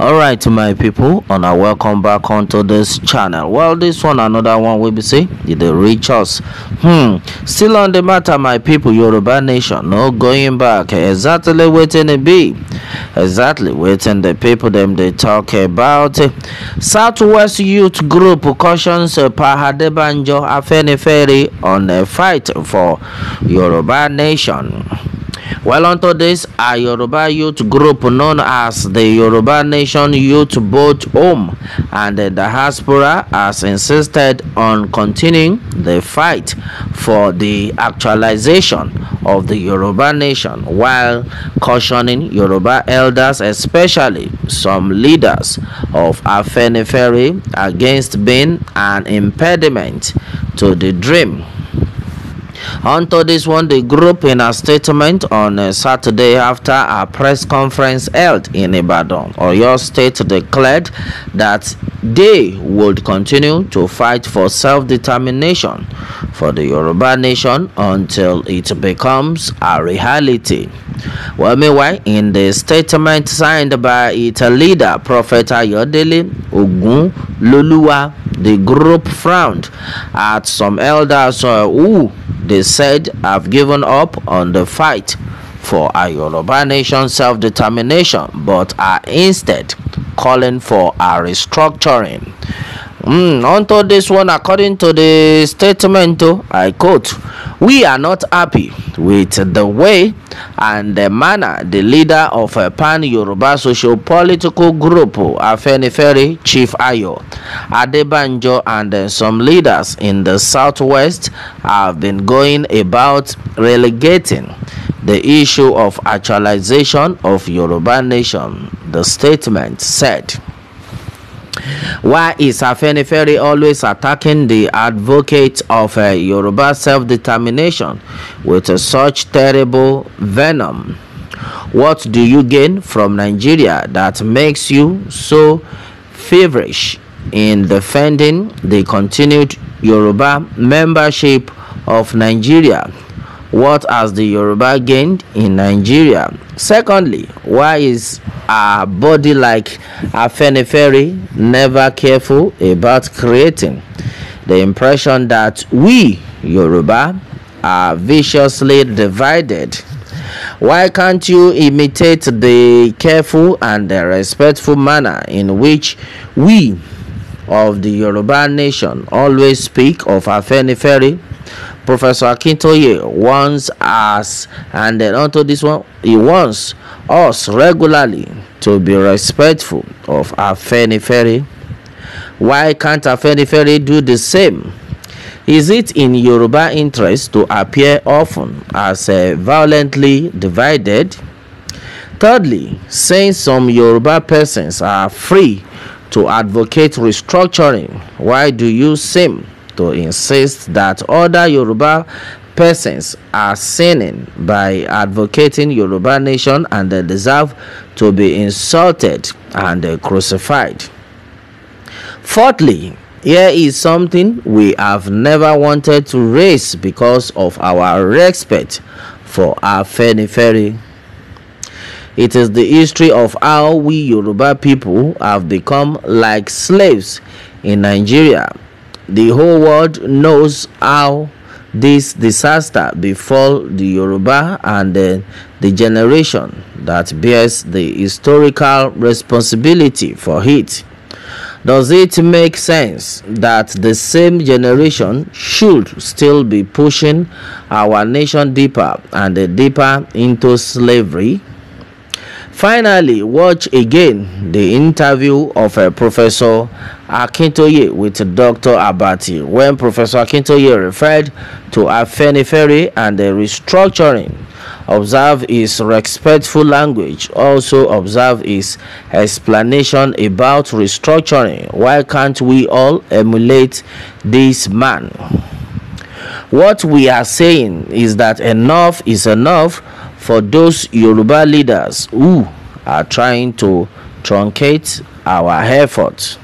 all right my people and i welcome back onto this channel well this one another one will be see the reach us hmm still on the matter my people yoruba nation no going back exactly waiting it be exactly waiting the people them they talk about southwest youth group cautions uh, pahadebanjo afeniferi on a fight for yoruba nation well, unto this, a Yoruba youth group known as the Yoruba Nation Youth, Boat home and the diaspora, has insisted on continuing the fight for the actualization of the Yoruba Nation while cautioning Yoruba elders, especially some leaders of Afenifere, against being an impediment to the dream Unto this one, the group in a statement on a uh, Saturday after a press conference held in Ibadan, Oyo State declared that they would continue to fight for self-determination for the Yoruba nation until it becomes a reality. Well, meanwhile, in the statement signed by its leader, Prophet Ayodele Ogunloluwa the group frowned at some elders uh, who they said have given up on the fight for a nation self-determination but are instead calling for a restructuring. Mm, this one, according to the statement, I quote, We are not happy with the way and the manner the leader of a pan Yoruba social political group, Afenifere Chief Ayo, Adebanjo, and some leaders in the southwest have been going about relegating the issue of actualization of Yoruba nation, the statement said. Why is Afenifere always attacking the advocates of uh, Yoruba self-determination with uh, such terrible venom? What do you gain from Nigeria that makes you so feverish in defending the continued Yoruba membership of Nigeria? What has the Yoruba gained in Nigeria? Secondly, why is a body like Afenifere never careful about creating the impression that we, Yoruba, are viciously divided? Why can't you imitate the careful and the respectful manner in which we, of the Yoruba nation always speak of Afenifere Professor Akintoye wants us, and then onto this one, he wants us regularly to be respectful of Ferry. Why can't Ferry do the same? Is it in Yoruba interest to appear often as uh, violently divided? Thirdly, since some Yoruba persons are free to advocate restructuring, why do you seem to insist that other Yoruba persons are sinning by advocating Yoruba nation and they deserve to be insulted and crucified. Fourthly, here is something we have never wanted to raise because of our respect for our Ferry. It is the history of how we Yoruba people have become like slaves in Nigeria the whole world knows how this disaster befell the Yoruba and the, the generation that bears the historical responsibility for it. Does it make sense that the same generation should still be pushing our nation deeper and deeper into slavery? Finally, watch again the interview of uh, Professor Akintoye with Dr. Abati when Professor Akintoye referred to afeniferi and the restructuring. Observe his respectful language. Also observe his explanation about restructuring. Why can't we all emulate this man? What we are saying is that enough is enough for those Yoruba leaders who are trying to truncate our efforts.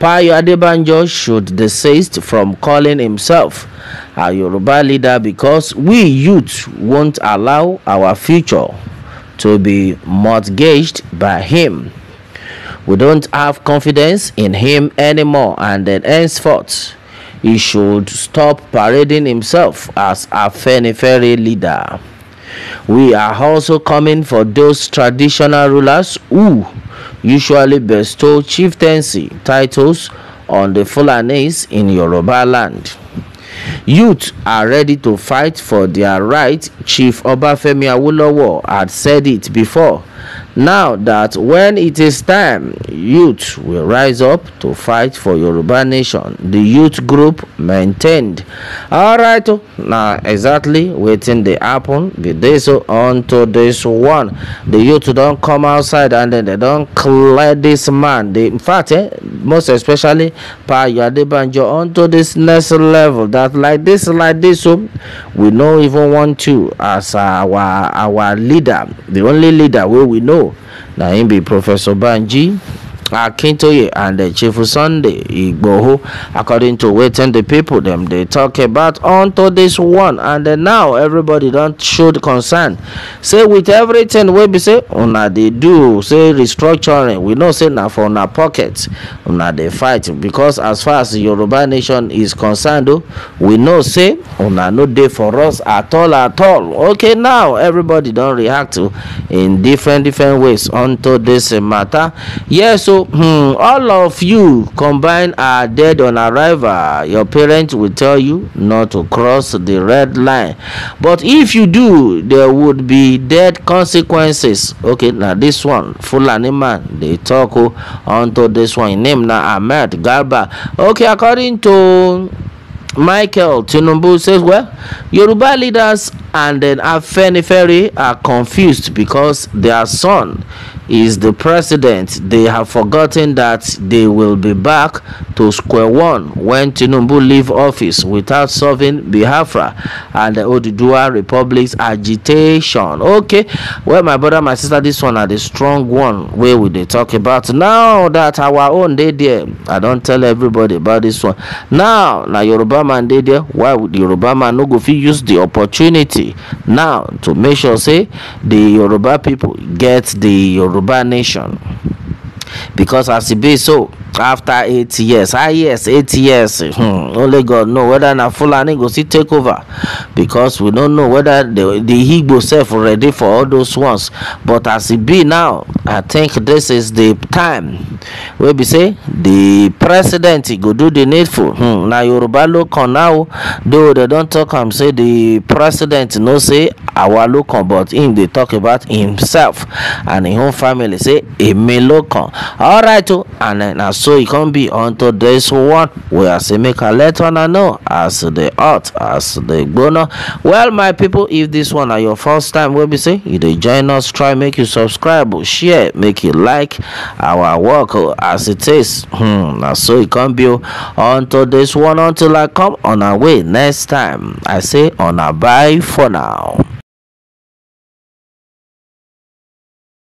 Payo Adebanjo should desist from calling himself a Yoruba leader because we youth won't allow our future to be mortgaged by him. We don't have confidence in him anymore and then henceforth he should stop parading himself as a Fenifere leader. We are also coming for those traditional rulers who usually bestow chieftaincy titles on the Fulanis in Yoruba land. Youth are ready to fight for their right, Chief Obafemi Awolowo had said it before Now that when it is time, youth will rise up to fight for Yoruba nation. The youth group maintained. Alright, oh, now exactly waiting the happen be this oh, on to this one. The youth don't come outside and then they don't clear this man. They, in fact, eh, most especially Payo on onto this next level. That like this, like this, oh, we don't even want to as our our leader, the only leader where we know na him be professor banji Akintoye and the Chief Sunday Igboho, according to waiting the people them they talk about onto this one, and now everybody don't showed concern. Say with everything we be say una they do say restructuring, we know say na for una pockets, una they fight because as far as Yoruba nation is concerned, oh, we know say una no day for us at all at all. Okay, now everybody don't react to oh, in different different ways onto this matter. Yes, yeah, oh, so So hmm, all of you combined are dead on arrival. Your parents will tell you not to cross the red line. But if you do, there would be dead consequences. Okay, now this one, Fulani man, they talk oh, onto this one. Name now Ahmed Garba. Okay, according to Michael Tinubu says, Well, Yoruba leaders and then Afenifere are confused because their son is the president. They have forgotten that they will be back to square one when Tinubu leave office without solving Biafra and the Odudua Republic's agitation. Okay, well, my brother, my sister, this one are the strong one where we they talk about now that our own day there. I don't tell everybody about this one. Now, now Yoruba yoruba man dey there why di yoruba man no go fit use the opportunity now to make sure say the yoruba people get the yoruba nation because as e be so after eight years ah yes eight years hmm, only god know whether na fulani go still take over because we no know whether the the igbo sef ready for all those ones but as e be now i think this is the time wey be say the president go do the needful hmm, na yoruba lokan now though they don talk am say the president no say awa lokan but him dey talk about himself and him own family say emi lokan alright o oh, and na so. so it can be unto this one where i say make letter let I know as the art as the gbona well my people, if this one are your first time we'll be say you they join us try make you subscribe share make you like our work oh, as it is hmm Now so it can be unto this one until i come on our way next time i say on a bye for now